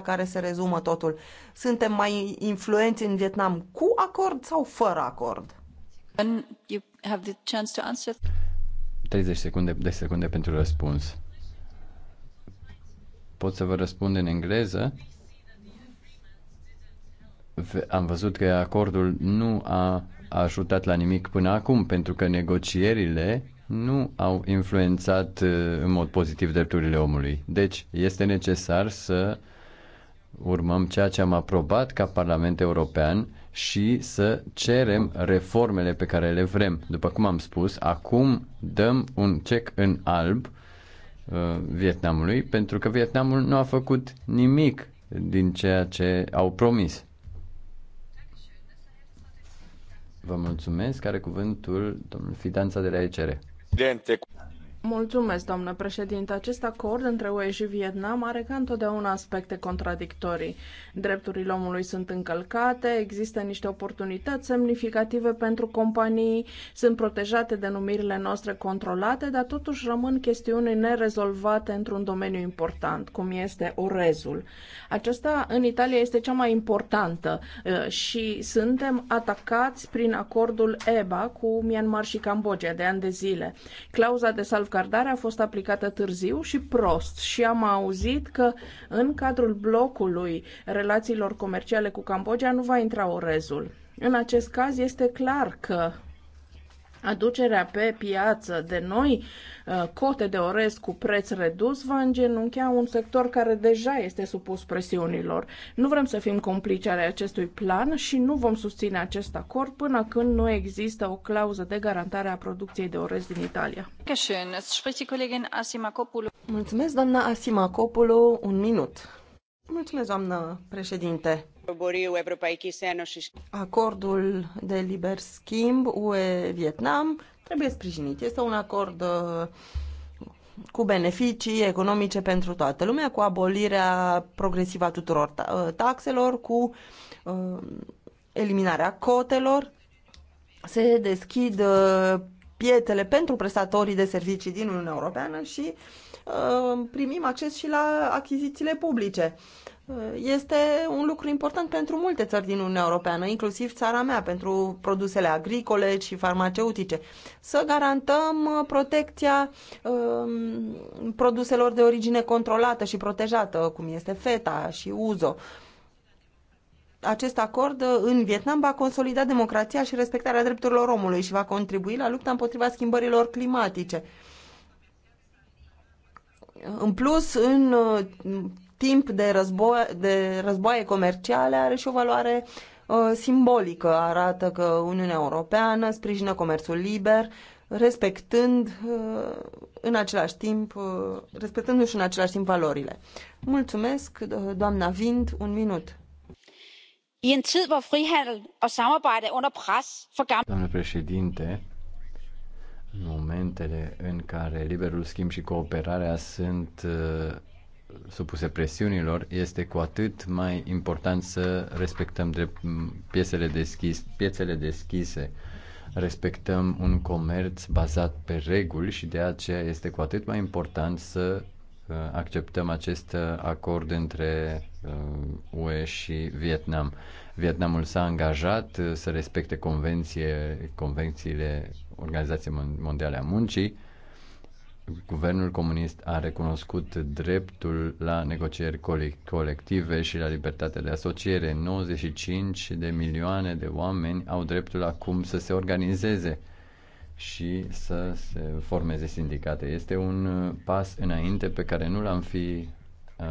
care se rezumă totul. Suntem mai influenți în Vietnam cu acord sau fără acord? When you have the chance to answer. 30 secunde, 10 secunde pentru răspuns. Pot să vă răspund în engleză? Am văzut că acordul nu a ajutat la nimic până acum, pentru că negocierile nu au influențat uh, în mod pozitiv drepturile omului. Deci, este necesar să urmăm ceea ce am aprobat ca Parlament European și să cerem reformele pe care le vrem. După cum am spus, acum dăm un cec în alb uh, Vietnamului pentru că Vietnamul nu a făcut nimic din ceea ce au promis. Vă mulțumesc. Care cuvântul domnul Fidanța de la ECR. Mulțumesc, doamnă președinte. Acest acord între UE și Vietnam are ca întotdeauna aspecte contradictorii. Drepturile omului sunt încălcate, există niște oportunități semnificative pentru companii, sunt protejate denumirile noastre controlate, dar totuși rămân chestiuni nerezolvate într-un domeniu important, cum este orezul. Aceasta în Italia este cea mai importantă ă, și suntem atacați prin acordul EBA cu Myanmar și Cambodgia de ani de zile. Clauza de salvare Salvgardarea a fost aplicată târziu și prost și am auzit că în cadrul blocului relațiilor comerciale cu Cambodgia nu va intra orezul. În acest caz este clar că Aducerea pe piață de noi uh, cote de orez cu preț redus va îngenunchea un sector care deja este supus presiunilor. Nu vrem să fim complici ale acestui plan și nu vom susține acest acord până când nu există o clauză de garantare a producției de orez din Italia. Mulțumesc, doamna Asimacopulu, Un minut. Mulțumesc, doamnă președinte. Acordul de liber schimb UE-Vietnam trebuie sprijinit. Este un acord uh, cu beneficii economice pentru toată lumea, cu abolirea progresivă a tuturor uh, taxelor, cu uh, eliminarea cotelor. Se deschid pietele pentru prestatorii de servicii din Uniunea Europeană și primim acces și la achizițiile publice. Uh, este un lucru important pentru multe țări din Uniunea Europeană, inclusiv țara mea, pentru produsele agricole și farmaceutice. Să garantăm uh, protecția um, produselor de origine controlată și protejată, cum este feta și uzo. Acest acord uh, în Vietnam va consolida democrația și respectarea drepturilor omului și va contribui la lupta împotriva schimbărilor climatice. În plus, în timp de, război, de războaie comerciale are și o valoare uh, simbolică. Arată că Uniunea Europeană sprijină comerțul liber, respectând uh, în același timp, uh, respectându-și în același timp valorile. Mulțumesc, doamna Vind, un minut. I er Doamne președinte, în momentele în care liberul schimb și cooperarea sunt uh, supuse presiunilor, este cu atât mai important să respectăm drept, piesele, deschis, piețele deschise. Respectăm un comerț bazat pe reguli și de aceea este cu atât mai important să uh, acceptăm acest uh, acord între UE uh, și Vietnam. Vietnamul s-a angajat să respecte convenție, convențiile Organizației Mondiale a Muncii Guvernul comunist a recunoscut dreptul la negocieri colective și la libertatea de asociere. 95 de milioane de oameni au dreptul acum să se organizeze și să se formeze sindicate. Este un uh, pas înainte pe care nu l-am fi uh,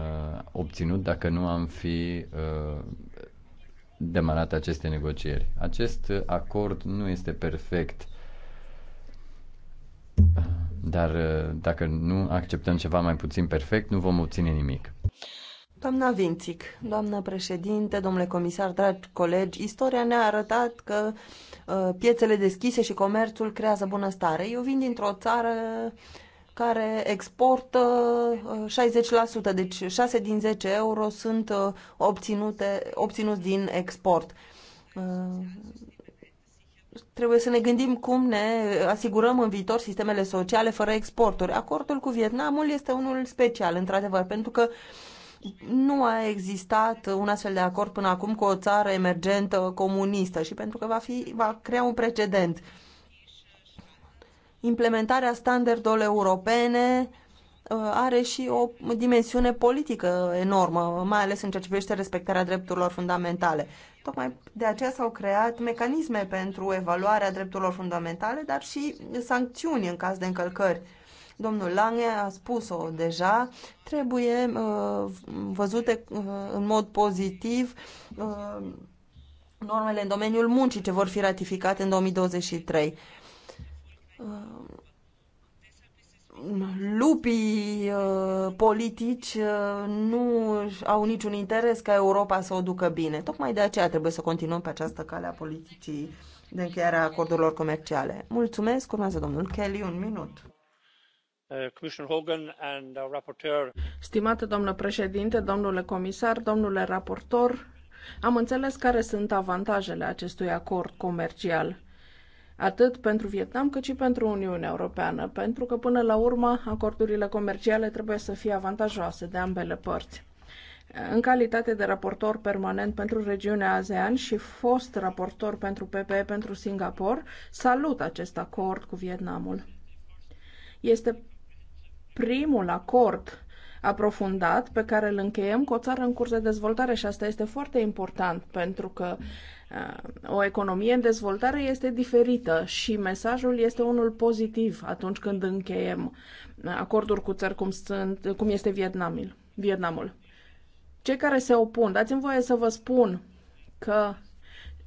obținut dacă nu am fi uh, demarat aceste negocieri. Acest acord nu este perfect dar uh, dacă nu acceptăm ceva mai puțin perfect, nu vom obține nimic. Doamna Vințic, doamnă președinte, domnule comisar, dragi colegi, istoria ne-a arătat că uh, piețele deschise și comerțul creează bunăstare. Eu vin dintr-o țară care exportă 60%, uh, deci 6 din 10 euro sunt uh, obținute, obținuți din export. Uh, trebuie să ne gândim cum ne asigurăm în viitor sistemele sociale fără exporturi. Acordul cu Vietnamul este unul special, într-adevăr, pentru că nu a existat un astfel de acord până acum cu o țară emergentă comunistă și pentru că va, fi, va crea un precedent. Implementarea standardelor europene uh, are și o dimensiune politică enormă, mai ales în ceea ce privește respectarea drepturilor fundamentale. Tocmai de aceea s-au creat mecanisme pentru evaluarea drepturilor fundamentale, dar și sancțiuni în caz de încălcări. Domnul Lange a spus-o deja, trebuie uh, văzute uh, în mod pozitiv uh, normele în domeniul muncii ce vor fi ratificate în 2023. Uh, lupii uh, politici uh, nu au niciun interes ca Europa să o ducă bine. Tocmai de aceea trebuie să continuăm pe această cale a politicii de încheiere a acordurilor comerciale. Mulțumesc, urmează domnul Kelly, un minut. Uh, Stimată doamnă președinte, domnule comisar, domnule raportor, am înțeles care sunt avantajele acestui acord comercial atât pentru Vietnam cât și pentru Uniunea Europeană, pentru că până la urmă acordurile comerciale trebuie să fie avantajoase de ambele părți. În calitate de raportor permanent pentru regiunea ASEAN și fost raportor pentru PPE pentru Singapore, salut acest acord cu Vietnamul. Este primul acord aprofundat pe care îl încheiem cu o țară în curs de dezvoltare și asta este foarte important pentru că Uh, o economie în dezvoltare este diferită și mesajul este unul pozitiv atunci când încheiem acorduri cu țări cum, sunt, cum este Vietnamul. Vietnamul. Cei care se opun, dați-mi voie să vă spun că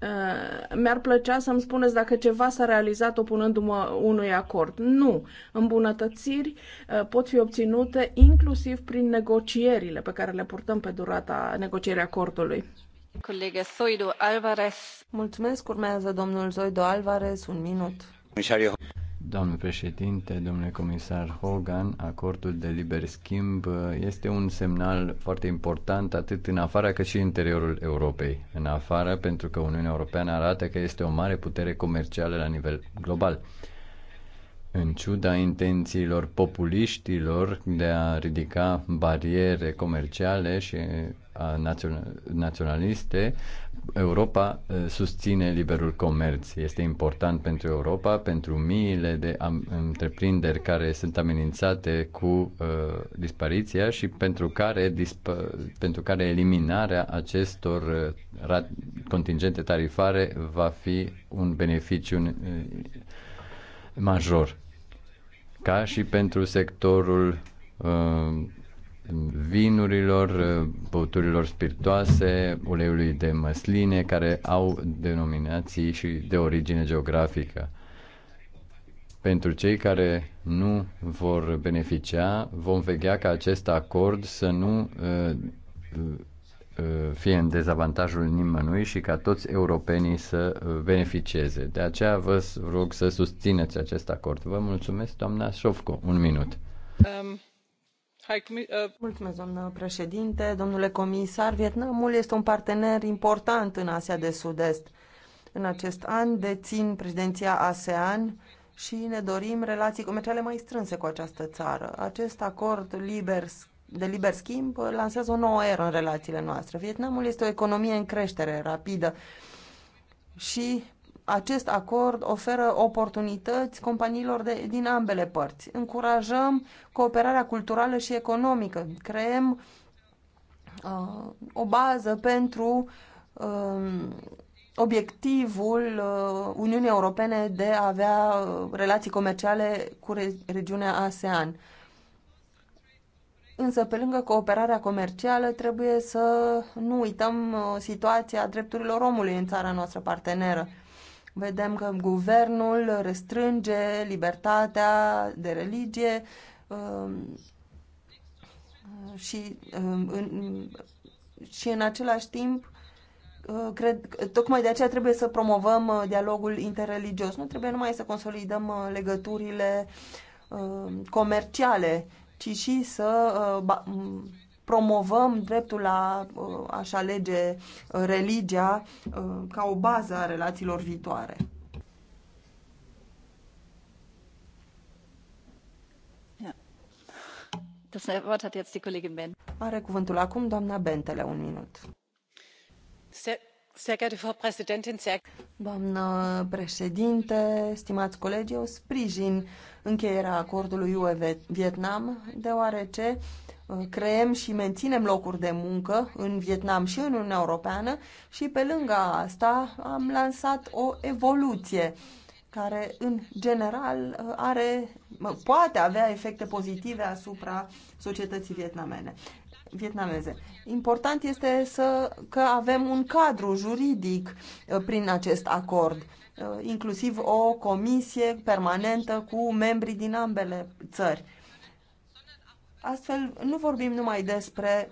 uh, mi-ar plăcea să-mi spuneți dacă ceva s-a realizat opunându-mă unui acord. Nu. Îmbunătățiri uh, pot fi obținute inclusiv prin negocierile pe care le purtăm pe durata negocierii acordului doamnă Soido Alvarez. domnul Zoido Alvarez, un minut. președinte, domnule comisar Hogan, acordul de liber schimb uh, este un semnal foarte important atât în afara cât și în interiorul Europei. În afara pentru că Uniunea Europeană arată că este o mare putere comercială la nivel global. În ciuda intențiilor populiștilor de a ridica bariere comerciale și naționaliste, Europa eh, susține liberul comerț. Este important pentru Europa, pentru miile de întreprinderi care sunt amenințate cu uh, dispariția și pentru care, disp- pentru care eliminarea acestor eh, contingente tarifare va fi un beneficiu major, ca și pentru sectorul uh, vinurilor, uh, băuturilor spiritoase, uleiului de măsline, care au denominații și de origine geografică. Pentru cei care nu vor beneficia, vom vegea ca acest acord să nu uh, Uh, fie în dezavantajul nimănui și ca toți europenii să uh, beneficieze. De aceea vă rog să susțineți acest acord. Vă mulțumesc, doamna Șofco. Un minut. Um. Uh, mulțumesc, doamnă președinte. Domnule comisar, Vietnamul este un partener important în Asia de Sud-Est. În acest an dețin președinția ASEAN și ne dorim relații comerciale mai strânse cu această țară. Acest acord liber de liber schimb lansează o nouă eră în relațiile noastre. Vietnamul este o economie în creștere rapidă și acest acord oferă oportunități companiilor de, din ambele părți. Încurajăm cooperarea culturală și economică. Creăm uh, o bază pentru uh, obiectivul uh, Uniunii Europene de a avea uh, relații comerciale cu re regiunea ASEAN. Uh, Însă, pe lângă cooperarea comercială, trebuie să nu uităm uh, situația drepturilor omului în țara noastră parteneră. Vedem că guvernul restrânge libertatea de religie um, și, um, și în același timp uh, cred, tocmai de aceea trebuie să promovăm uh, dialogul interreligios. Nu trebuie numai să consolidăm legăturile um, comerciale ci și să uh, promovăm dreptul la uh, a-și alege uh, religia ca o bază a relațiilor viitoare. Are cuvântul acum doamna Bentele, un minut Doamnă președinte, stimați colegi, eu sprijin încheierea acordului UE-Vietnam, deoarece uh, creăm și menținem locuri de muncă în Vietnam și în Uniunea Europeană și pe lângă asta am lansat o evoluție care în general uh, are, poate avea efecte pozitive asupra societății vietnamene vietnameze. Important este să, că avem un cadru juridic uh, prin acest acord, uh, inclusiv o comisie permanentă cu membrii din ambele țări. Astfel, nu vorbim numai despre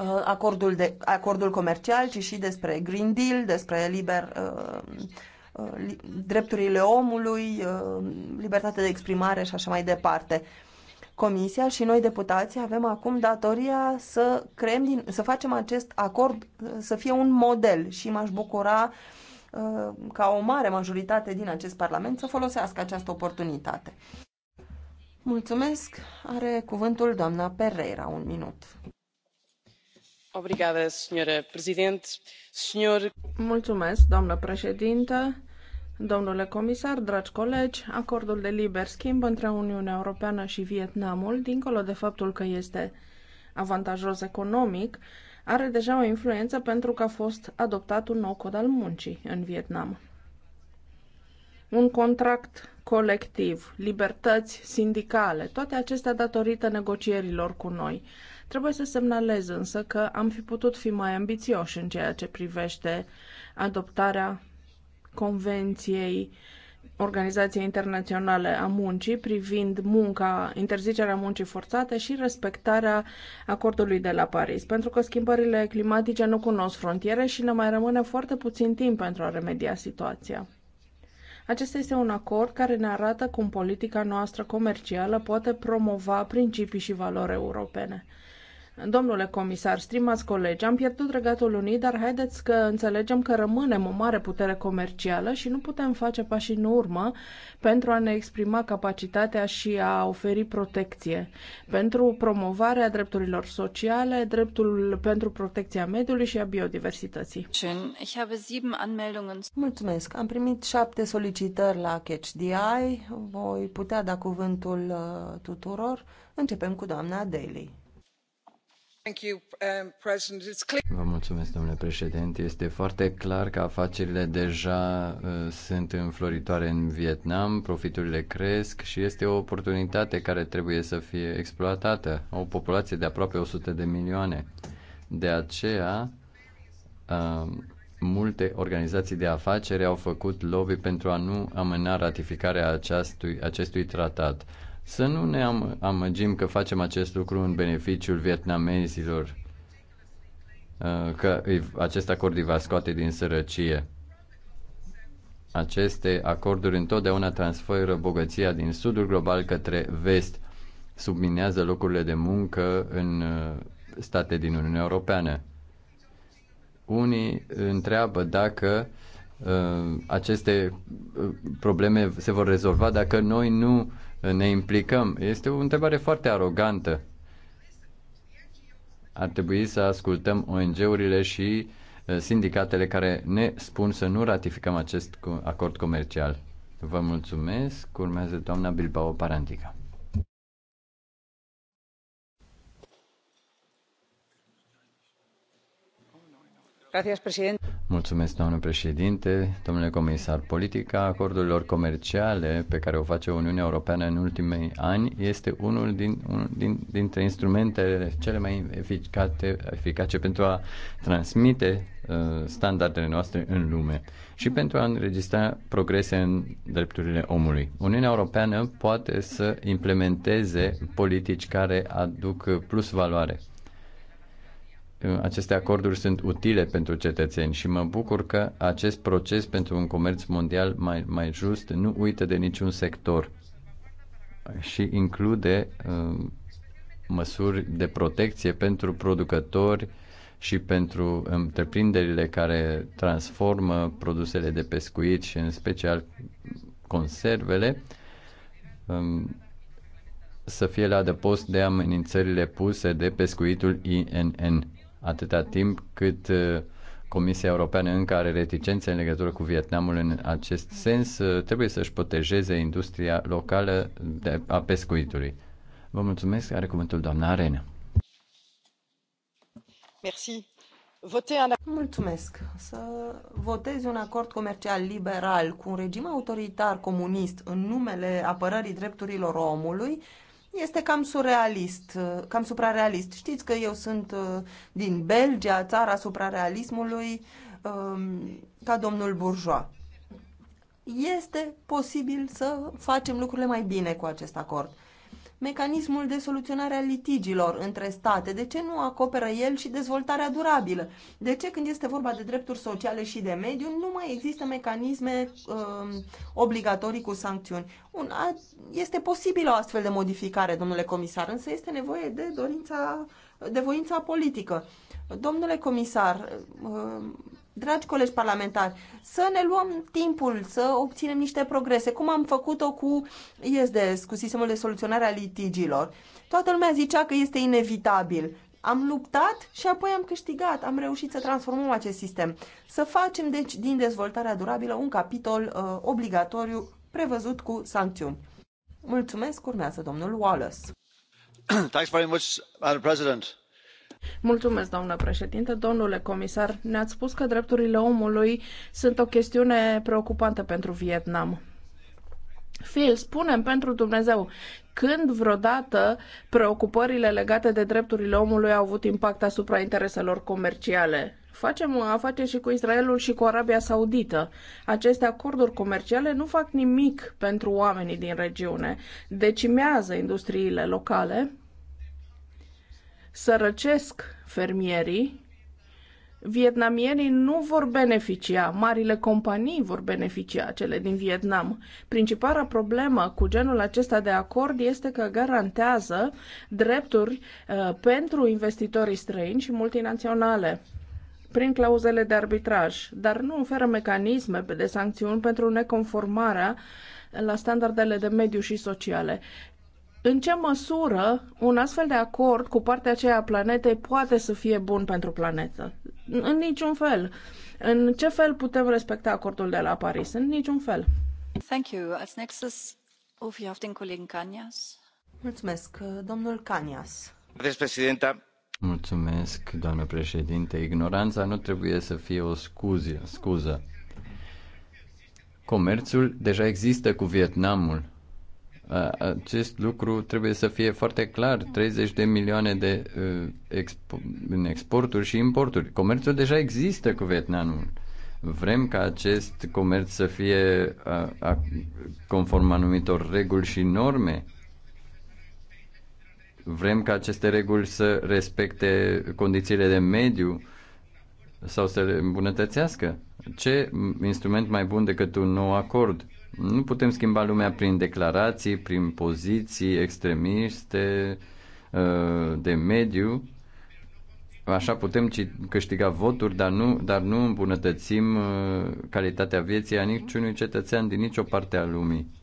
uh, acordul, de, acordul comercial, ci și despre Green Deal, despre liber, drepturile omului, libertatea de exprimare și așa mai departe. Comisia și noi deputații avem acum datoria să, creăm din, să facem acest acord să fie un model și m-aș bucura uh, ca o mare majoritate din acest Parlament să folosească această oportunitate. Mulțumesc. Are cuvântul doamna Pereira, un minut. Obrigada, Mulțumesc, doamnă președintă Domnule comisar, dragi colegi, acordul de liber schimb între Uniunea Europeană și Vietnamul, dincolo de faptul că este avantajos economic, are deja o influență pentru că a fost adoptat un nou cod al muncii în Vietnam. Un contract colectiv, libertăți sindicale, toate acestea datorită negocierilor cu noi. Trebuie să semnalez însă că am fi putut fi mai ambițioși în ceea ce privește adoptarea Convenției Organizației Internaționale a Muncii privind munca, interzicerea muncii forțate și respectarea acordului de la Paris, pentru că schimbările climatice nu cunosc frontiere și ne mai rămâne foarte puțin timp pentru a remedia situația. Acesta este un acord care ne arată cum politica noastră comercială poate promova principii și valori europene. Domnule comisar, strimați colegi, am pierdut Regatul unii, dar haideți că înțelegem că rămânem o mare putere comercială și nu putem face pași în urmă pentru a ne exprima capacitatea și a oferi protecție. Pentru promovarea drepturilor sociale, dreptul pentru protecția mediului și a biodiversității. Mulțumesc. Am primit șapte solicitări la CatchDI. Voi putea da cuvântul uh, tuturor. Începem cu doamna Daly. Um, Vă mulțumesc, domnule președinte. Este foarte clar că afacerile deja uh, sunt înfloritoare în Vietnam, profiturile cresc și este o oportunitate care trebuie să fie exploatată. O populație de aproape 100 de milioane. De aceea, uh, multe organizații de afaceri au făcut lobby pentru a nu amâna ratificarea acestui, acestui tratat. Să nu ne am, amăgim că facem acest lucru în beneficiul vietnamezilor, uh, că acest acord îi va scoate din sărăcie. Aceste acorduri întotdeauna transferă bogăția din sudul global către vest, subminează locurile de muncă în uh, state din Uniunea Europeană. Unii întreabă dacă uh, aceste uh, probleme se vor rezolva dacă noi nu ne implicăm? Este o întrebare foarte arogantă. Ar trebui să ascultăm ONG-urile și uh, sindicatele care ne spun să nu ratificăm acest acord comercial. Vă mulțumesc. Urmează doamna Bilbao Parantica. Mulțumesc, doamnă președinte, domnule comisar. Politica acordurilor comerciale pe care o face Uniunea Europeană în ultimii ani este unul din, un, din, dintre instrumentele cele mai eficace, eficace pentru a transmite uh, standardele noastre în lume și pentru a înregistra progrese în drepturile omului. Uniunea Europeană poate să implementeze politici care aduc plus valoare aceste acorduri sunt utile pentru cetățeni și mă bucur că acest proces pentru un comerț mondial mai, mai just nu uită de niciun sector și include uh, măsuri de protecție pentru producători și pentru întreprinderile care transformă produsele de pescuit și în special conservele um, să fie la adăpost de amenințările puse de pescuitul INN atâta timp cât uh, Comisia Europeană încă are reticențe în legătură cu Vietnamul în acest sens, uh, trebuie să-și protejeze industria locală de, a pescuitului. Vă mulțumesc, are cuvântul doamna Arena. Merci. Mulțumesc. Să votezi un acord comercial liberal cu un regim autoritar comunist în numele apărării drepturilor omului este cam surrealist, cam suprarealist. Știți că eu sunt uh, din Belgia, țara suprarealismului, um, ca domnul Bourgeois. Este posibil să facem lucrurile mai bine cu acest acord mecanismul de soluționare a litigilor între state? De ce nu acoperă el și dezvoltarea durabilă? De ce când este vorba de drepturi sociale și de mediu nu mai există mecanisme um, obligatorii cu sancțiuni? Un, a, este posibilă o astfel de modificare, domnule comisar, însă este nevoie de dorința de voința politică. Domnule comisar, um, dragi colegi parlamentari, să ne luăm timpul să obținem niște progrese, cum am făcut-o cu ISDS, cu sistemul de soluționare a litigilor. Toată lumea zicea că este inevitabil. Am luptat și apoi am câștigat, am reușit să transformăm acest sistem. Să facem, deci, din dezvoltarea durabilă un capitol uh, obligatoriu prevăzut cu sancțiuni. Mulțumesc, urmează domnul Wallace. Thanks very much, Madam President Mulțumesc, doamnă președinte. Domnule comisar, ne-ați spus că drepturile omului sunt o chestiune preocupantă pentru Vietnam. Phil, spunem pentru Dumnezeu, când vreodată preocupările legate de drepturile omului au avut impact asupra intereselor comerciale? Facem afaceri și cu Israelul și cu Arabia Saudită. Aceste acorduri comerciale nu fac nimic pentru oamenii din regiune. Decimează industriile locale sărăcesc fermierii, vietnamienii nu vor beneficia, marile companii vor beneficia, cele din Vietnam. Principala problemă cu genul acesta de acord este că garantează drepturi uh, pentru investitorii străini și multinaționale prin clauzele de arbitraj, dar nu oferă mecanisme de sancțiuni pentru neconformarea la standardele de mediu și sociale în ce măsură un astfel de acord cu partea aceea a planetei poate să fie bun pentru planetă? În niciun fel. În ce fel putem respecta acordul de la Paris? În niciun fel. Thank you. Als nächstes rufe ich auf den Kollegen Canias. Mulțumesc, domnul Canias. Președinta. Mulțumesc, doamnă președinte. Ignoranța nu trebuie să fie o scuză. scuză. Comerțul deja există cu Vietnamul acest lucru trebuie să fie foarte clar, 30 de milioane de expo- în exporturi și importuri. Comerțul deja există cu Vietnamul. Vrem ca acest comerț să fie a, a, conform anumitor reguli și norme. Vrem ca aceste reguli să respecte condițiile de mediu sau să le îmbunătățească. Ce instrument mai bun decât un nou acord? Nu putem schimba lumea prin declarații, prin poziții extremiste, uh, de mediu. Așa putem câștiga voturi, dar nu, dar nu îmbunătățim uh, calitatea vieții a niciunui cetățean din nicio parte a lumii.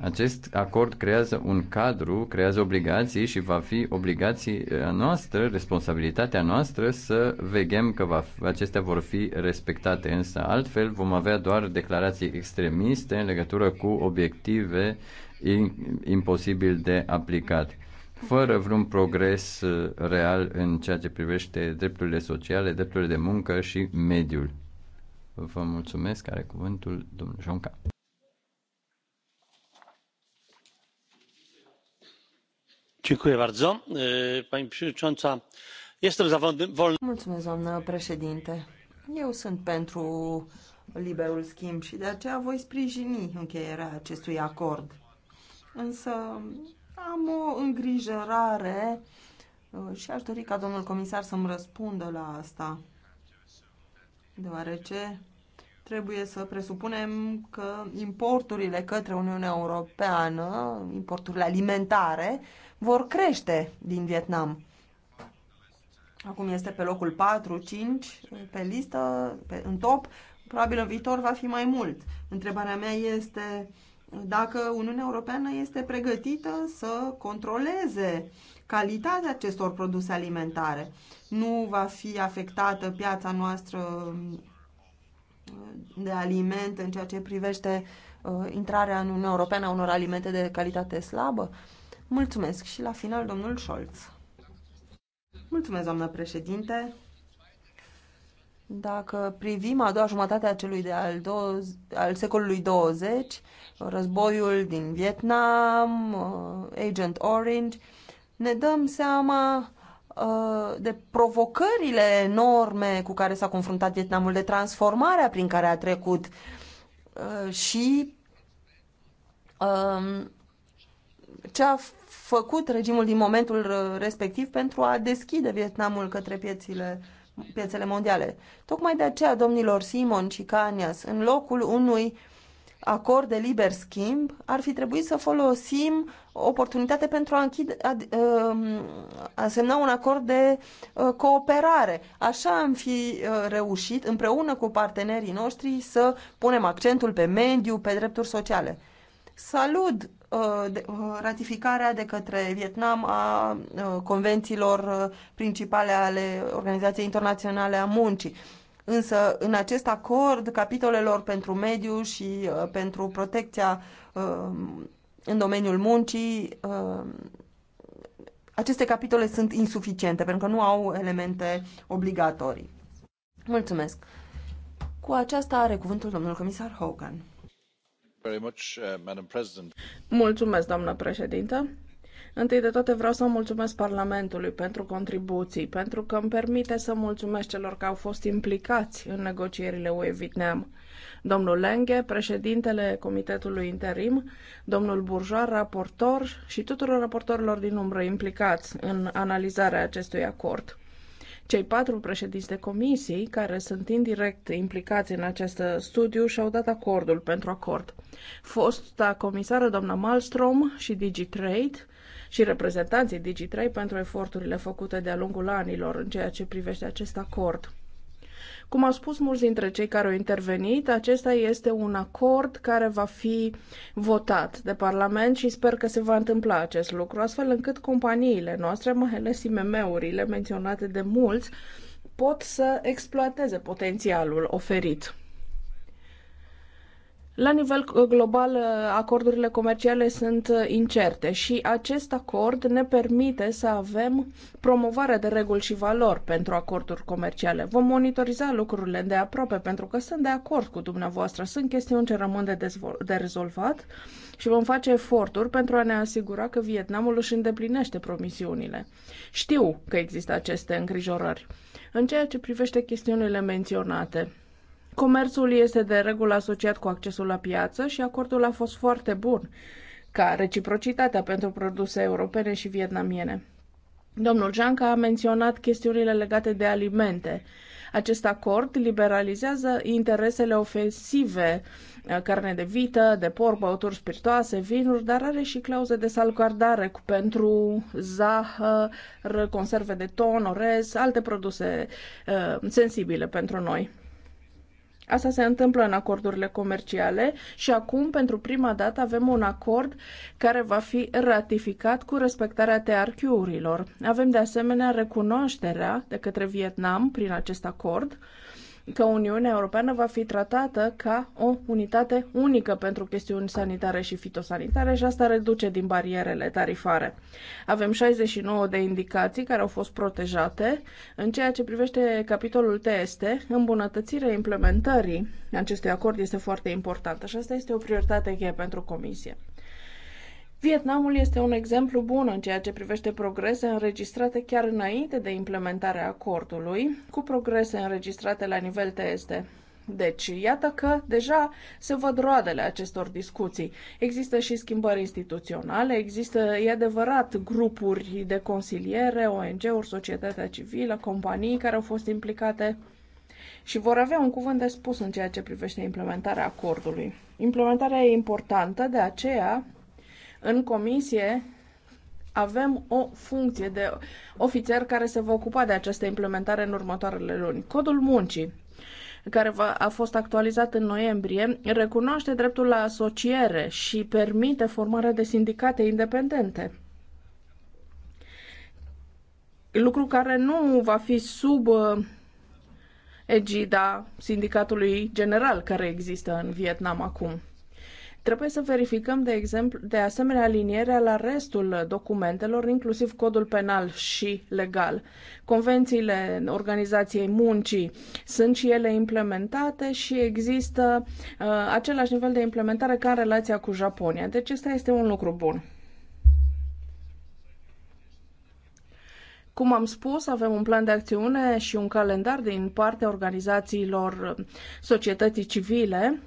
Acest acord creează un cadru, creează obligații și va fi obligații eh, noastră, responsabilitatea noastră să vegem că va, acestea vor fi respectate. Însă altfel vom avea doar declarații extremiste în legătură cu obiective imposibil de aplicat, fără vreun progres eh, real în ceea ce privește drepturile sociale, drepturile de muncă și mediul. Vă mulțumesc, are cuvântul domnul Jonca. Mulțumesc, doamnă președinte. Eu sunt pentru liberul schimb și de aceea voi sprijini încheierea acestui acord. Însă am o îngrijorare și aș dori ca domnul comisar să-mi răspundă la asta, deoarece trebuie să presupunem că importurile către Uniunea Europeană, importurile alimentare, vor crește din Vietnam. Acum este pe locul 4-5 pe listă, pe, în top. Probabil în viitor va fi mai mult. Întrebarea mea este dacă Uniunea Europeană este pregătită să controleze calitatea acestor produse alimentare. Nu va fi afectată piața noastră de alimente în ceea ce privește uh, intrarea în Uniunea Europeană a unor alimente de calitate slabă? Uh, Mulțumesc și la final domnul Scholz. Mulțumesc, doamnă președinte. Dacă privim a doua jumătate a celui de al, 20, al secolului 20, războiul din Vietnam, uh, Agent Orange, ne dăm seama uh, de provocările enorme cu care s-a confruntat Vietnamul, de transformarea prin care a trecut uh, și um, ce a făcut regimul din momentul uh, respectiv pentru a deschide Vietnamul către piețile, piețele mondiale. Tocmai de aceea, domnilor Simon și Canias, în locul unui acord de liber schimb, ar fi trebuit să folosim oportunitate pentru a, închide, a, um, a semna un acord de uh, cooperare. Așa am fi uh, reușit, împreună cu partenerii noștri, să punem accentul pe mediu, pe drepturi sociale. Salut Uh, uh, ratificarea de către Vietnam a uh, convențiilor principale ale Organizației Internaționale a Muncii. Însă, în acest acord, capitolelor pentru mediu și pentru protecția în domeniul muncii, aceste capitole sunt insuficiente pentru că nu au elemente obligatorii. Mulțumesc! Cu aceasta are cuvântul domnul comisar Hogan. Uh, mulțumesc, doamnă președintă. Întâi de toate vreau să mulțumesc Parlamentului pentru contribuții, pentru că îmi permite să mulțumesc celor care au fost implicați în negocierile UE Vietnam. Domnul Lenghe, președintele Comitetului Interim, domnul Burjoar, raportor și tuturor raportorilor din umbră implicați în analizarea acestui acord. Cei patru președinți de comisii care sunt indirect implicați în acest studiu și-au dat acordul pentru acord. Fosta comisară doamna Malstrom și DigiTrade și reprezentanții DigiTrade pentru eforturile făcute de-a lungul anilor în ceea ce privește acest acord. Cum au spus mulți dintre cei care au intervenit, acesta este un acord care va fi votat de Parlament și sper că se va întâmpla acest lucru, astfel încât companiile noastre, mai ales IMM-urile menționate de mulți, pot să exploateze potențialul oferit. La nivel uh, global, uh, acordurile comerciale sunt uh, incerte și acest acord ne permite să avem promovare de reguli și valori pentru acorduri comerciale. Vom monitoriza lucrurile de aproape pentru că sunt de acord cu dumneavoastră. Sunt chestiuni ce rămân de, de rezolvat și vom face eforturi pentru a ne asigura că Vietnamul își îndeplinește promisiunile. Știu că există aceste îngrijorări. În ceea ce privește chestiunile menționate, Comerțul este de regulă asociat cu accesul la piață și acordul a fost foarte bun ca reciprocitatea pentru produse europene și vietnamiene. Domnul Janca a menționat chestiunile legate de alimente. Acest acord liberalizează interesele ofensive, uh, carne de vită, de porc, băuturi spiritoase, vinuri, dar are și clauze de salvgardare pentru zahăr, conserve de ton, orez, alte produse uh, sensibile pentru noi. Asta se întâmplă în acordurile comerciale și acum, pentru prima dată, avem un acord care va fi ratificat cu respectarea TRQ-urilor. Avem de asemenea recunoașterea de către Vietnam prin acest acord că Uniunea Europeană va fi tratată ca o unitate unică pentru chestiuni sanitare și fitosanitare și asta reduce din barierele tarifare. Avem 69 de indicații care au fost protejate. În ceea ce privește capitolul TST, îmbunătățirea implementării acestui acord este foarte importantă și asta este o prioritate cheie pentru Comisie. Vietnamul este un exemplu bun în ceea ce privește progrese înregistrate chiar înainte de implementarea acordului, cu progrese înregistrate la nivel TSD. Deci, iată că deja se văd roadele acestor discuții. Există și schimbări instituționale, există, e adevărat, grupuri de consiliere, ONG-uri, societatea civilă, companii care au fost implicate și vor avea un cuvânt de spus în ceea ce privește implementarea acordului. Implementarea e importantă, de aceea în comisie avem o funcție de ofițer care se va ocupa de această implementare în următoarele luni. Codul muncii care a fost actualizat în noiembrie, recunoaște dreptul la asociere și permite formarea de sindicate independente lucru care nu va fi sub uh, egida sindicatului general care există în Vietnam acum. Trebuie să verificăm, de exemplu, de asemenea alinierea la restul documentelor, inclusiv codul penal și legal. Convențiile Organizației Muncii sunt și ele implementate și există uh, același nivel de implementare ca în relația cu Japonia. Deci, ăsta este un lucru bun. Cum am spus, avem un plan de acțiune și un calendar din partea organizațiilor societății civile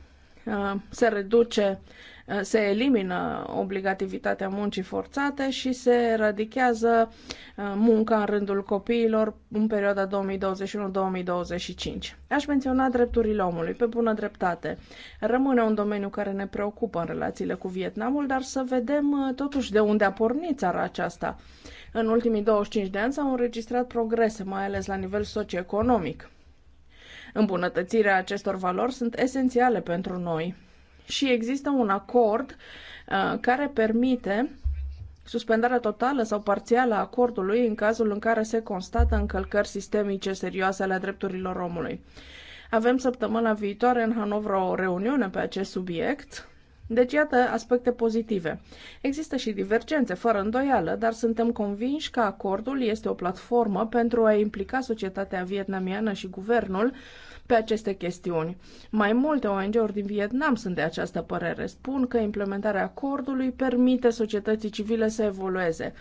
Uh, se reduce, uh, se elimină obligativitatea muncii forțate și se eradichează uh, munca în rândul copiilor în perioada 2021-2025. Aș menționa drepturile omului, pe bună dreptate. Rămâne un domeniu care ne preocupă în relațiile cu Vietnamul, dar să vedem totuși de unde a pornit țara aceasta. În ultimii 25 de ani s-au înregistrat progrese, mai ales la nivel socioeconomic Îmbunătățirea acestor valori sunt esențiale pentru noi. Și există un acord uh, care permite suspendarea totală sau parțială a acordului în cazul în care se constată încălcări sistemice serioase ale drepturilor omului. Avem săptămâna viitoare în Hanovra o reuniune pe acest subiect deci, iată aspecte pozitive. Există și divergențe, fără îndoială, dar suntem convinși că acordul este o platformă pentru a implica societatea vietnamiană și guvernul pe aceste chestiuni. Mai multe ONG-uri din Vietnam sunt de această părere. Spun că implementarea acordului permite societății civile să evolueze.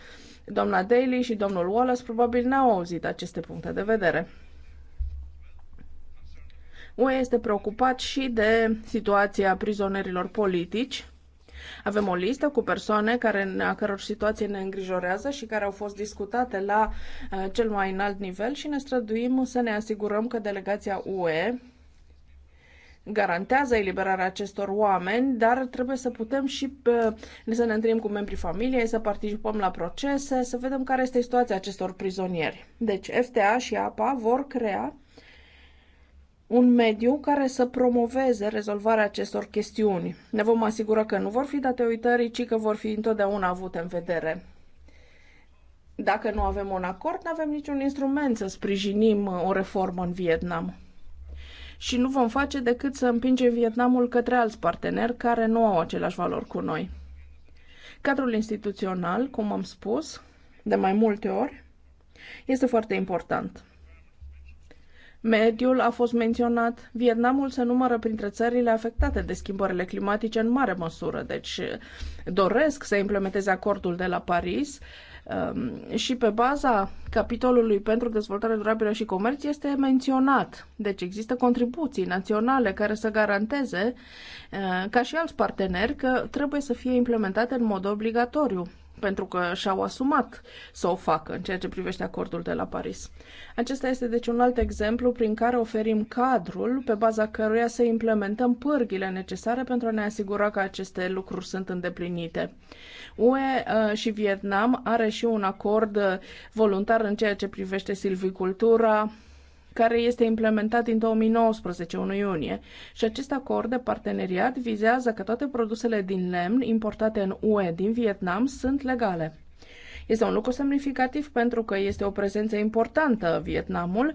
Doamna Daly și domnul Wallace probabil n-au auzit aceste puncte de vedere. UE este preocupat și de situația prizonierilor politici. Avem o listă cu persoane care, a căror situație ne îngrijorează și care au fost discutate la uh, cel mai înalt nivel și ne străduim să ne asigurăm că delegația UE garantează eliberarea acestor oameni, dar trebuie să putem și pe, uh, să ne întâlnim cu membrii familiei, să participăm la procese, să vedem care este situația acestor prizonieri. Deci FTA și APA vor crea un mediu care să promoveze rezolvarea acestor chestiuni. Ne vom asigura că nu vor fi date uitării, ci că vor fi întotdeauna avute în vedere. Dacă nu avem un acord, nu avem niciun instrument să sprijinim uh, o reformă în Vietnam. Și nu vom face decât să împingem Vietnamul către alți parteneri care nu au același valori cu noi. Cadrul instituțional, cum am spus de mai multe ori, este foarte important. Mediul a fost menționat. Vietnamul se numără printre țările afectate de schimbările climatice în mare măsură, deci eh, doresc să implementeze acordul de la Paris ehm, și pe baza capitolului pentru dezvoltare durabilă și comerț este menționat. Deci există contribuții naționale care să garanteze, eh, ca și alți parteneri, că trebuie să fie implementate în mod obligatoriu pentru că și-au asumat să o facă în ceea ce privește acordul de la Paris. Acesta este deci un alt exemplu prin care oferim cadrul pe baza căruia să implementăm pârghile necesare pentru a ne asigura că aceste lucruri sunt îndeplinite. UE uh, și Vietnam are și un acord uh, voluntar în ceea ce privește silvicultura, care este implementat din 2019, 1 iunie. Și acest acord de parteneriat vizează că toate produsele din lemn importate în UE din Vietnam sunt legale. Este un lucru semnificativ pentru că este o prezență importantă Vietnamul.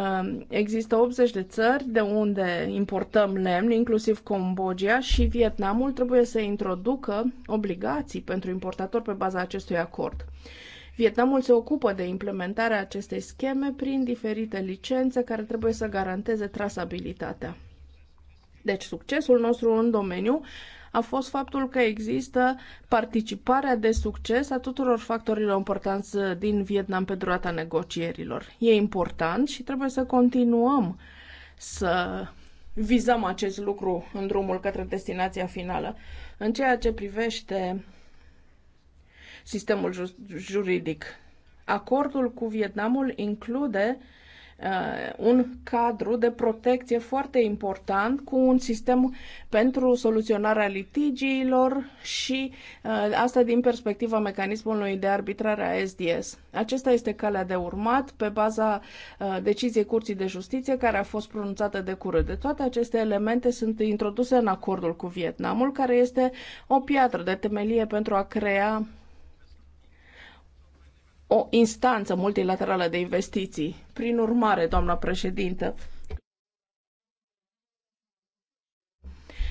Um, există 80 de țări de unde importăm lemn, inclusiv Cambodgia, și Vietnamul trebuie să introducă obligații pentru importatori pe baza acestui acord. Vietnamul se ocupă de implementarea acestei scheme prin diferite licențe care trebuie să garanteze trasabilitatea. Deci succesul nostru în domeniu a fost faptul că există participarea de succes a tuturor factorilor importanți din Vietnam pe durata negocierilor. E important și trebuie să continuăm să vizăm acest lucru în drumul către destinația finală. În ceea ce privește sistemul juridic. Acordul cu Vietnamul include uh, un cadru de protecție foarte important cu un sistem pentru soluționarea litigiilor și uh, asta din perspectiva mecanismului de arbitrare a SDS. Acesta este calea de urmat pe baza uh, deciziei Curții de Justiție care a fost pronunțată de curând. De toate aceste elemente sunt introduse în acordul cu Vietnamul, care este o piatră de temelie pentru a crea o instanță multilaterală de investiții. Prin urmare, doamna președintă,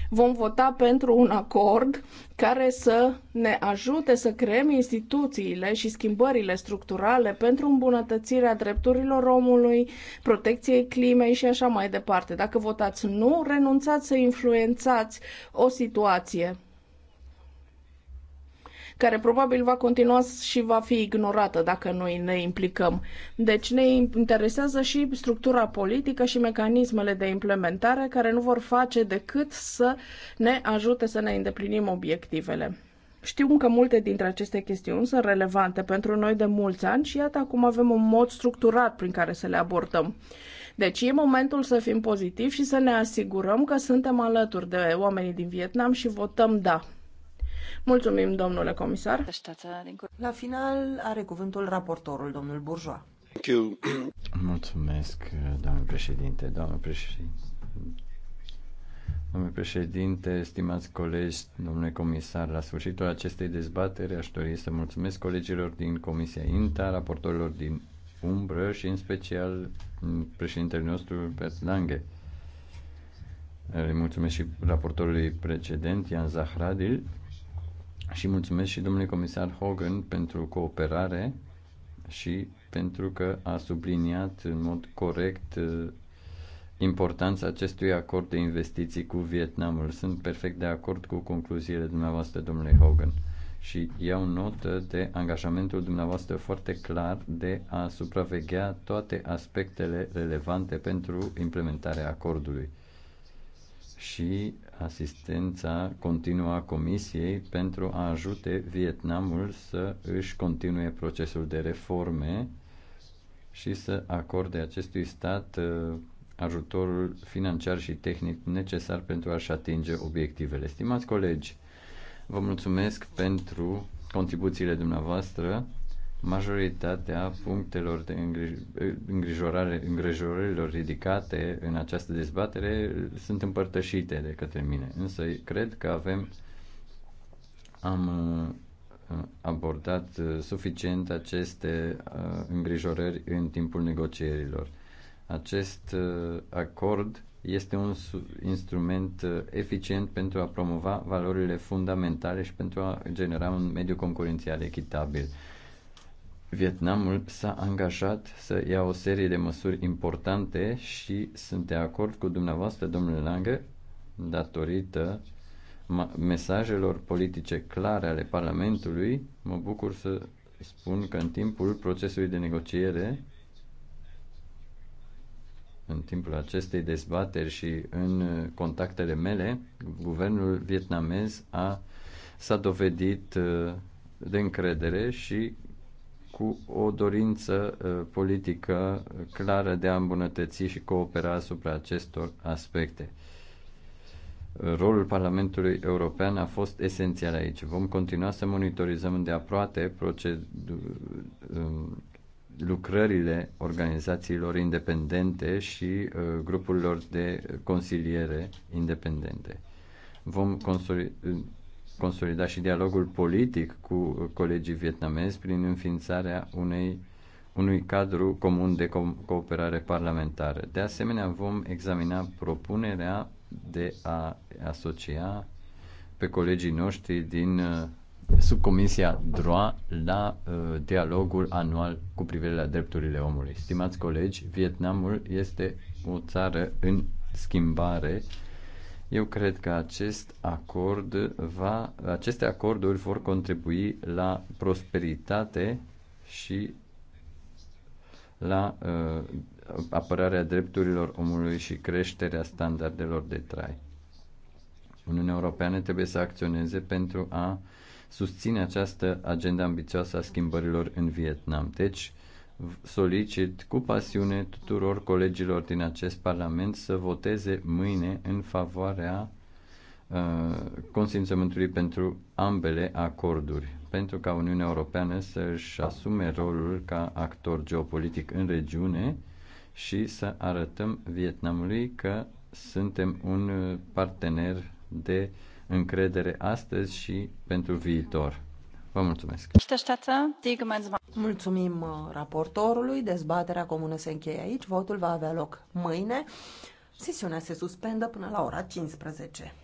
vom vota pentru un acord care să ne ajute să creăm instituțiile și schimbările structurale pentru îmbunătățirea drepturilor omului, protecției climei și așa mai departe. Dacă votați nu, renunțați să influențați o situație care probabil va continua și va fi ignorată dacă noi ne implicăm. Deci ne interesează și structura politică și mecanismele de implementare care nu vor face decât să ne ajute să ne îndeplinim obiectivele. Știu că multe dintre aceste chestiuni sunt relevante pentru noi de mulți ani și iată acum avem un mod structurat prin care să le abordăm. Deci e momentul să fim pozitivi și să ne asigurăm că suntem alături de oamenii din Vietnam și votăm da. Mulțumim, domnule comisar. La final are cuvântul raportorul, domnul Burjoa. Mulțumesc, domnul președinte, domnul președinte. Domnule președinte, stimați colegi, domnule comisar, la sfârșitul acestei dezbatere aș dori să mulțumesc colegilor din Comisia INTA, raportorilor din umbră și în special președintele nostru, Bert Lange. Îi mulțumesc și raportorului precedent, Ian Zahradil, și mulțumesc și domnului comisar Hogan pentru cooperare și pentru că a subliniat în mod corect uh, importanța acestui acord de investiții cu Vietnamul. Sunt perfect de acord cu concluziile dumneavoastră, domnule Hogan. Și iau notă de angajamentul dumneavoastră foarte clar de a supraveghea toate aspectele relevante pentru implementarea acordului. Și asistența continuă a Comisiei pentru a ajute Vietnamul să își continue procesul de reforme și să acorde acestui stat uh, ajutorul financiar și tehnic necesar pentru a-și atinge obiectivele. Stimați colegi, vă mulțumesc pentru contribuțiile dumneavoastră majoritatea punctelor de îngrijorare, îngrijorărilor ridicate în această dezbatere sunt împărtășite de către mine. Însă cred că avem am uh, abordat uh, suficient aceste uh, îngrijorări în timpul negocierilor. Acest acord este un instrument eficient pentru a promova valorile fundamentale și pentru a genera un mediu concurențial echitabil Vietnamul s-a angajat să ia o serie de măsuri importante și sunt de acord cu dumneavoastră, domnule Lange, datorită mesajelor politice clare ale Parlamentului, mă bucur să spun că în timpul procesului de negociere, în timpul acestei dezbateri și în contactele mele, guvernul vietnamez a, s-a dovedit uh, de încredere și cu o dorință uh, politică uh, clară de a îmbunătăți și coopera asupra acestor aspecte. Uh, rolul Parlamentului European a fost esențial aici. Vom continua să monitorizăm aproape um, lucrările organizațiilor independente și grupurilor de consiliere independente. Vom consolida și dialogul politic cu colegii vietnamezi prin înființarea unei, unui cadru comun de co- cooperare parlamentară. De asemenea, vom examina propunerea de a asocia pe colegii noștri din uh, subcomisia DROA la uh, dialogul anual cu privire la drepturile omului. Stimați colegi, Vietnamul este o țară în schimbare eu cred că acest acord va, aceste acorduri vor contribui la prosperitate și la uh, apărarea drepturilor omului și creșterea standardelor de trai. Uniunea Europeană trebuie să acționeze pentru a susține această agenda ambițioasă a schimbărilor în Vietnam. Deci, uh, solicit cu pasiune tuturor colegilor din acest Parlament să voteze mâine în favoarea uh, consimțământului pentru ambele acorduri, pentru ca Uniunea Europeană să-și asume rolul ca actor geopolitic în regiune și să arătăm Vietnamului că suntem un partener de încredere astăzi și pentru viitor. Vă mulțumesc. Mulțumim uh, raportorului. Dezbaterea comună se încheie aici. Votul va avea loc mâine. Sesiunea se suspendă până la ora 15.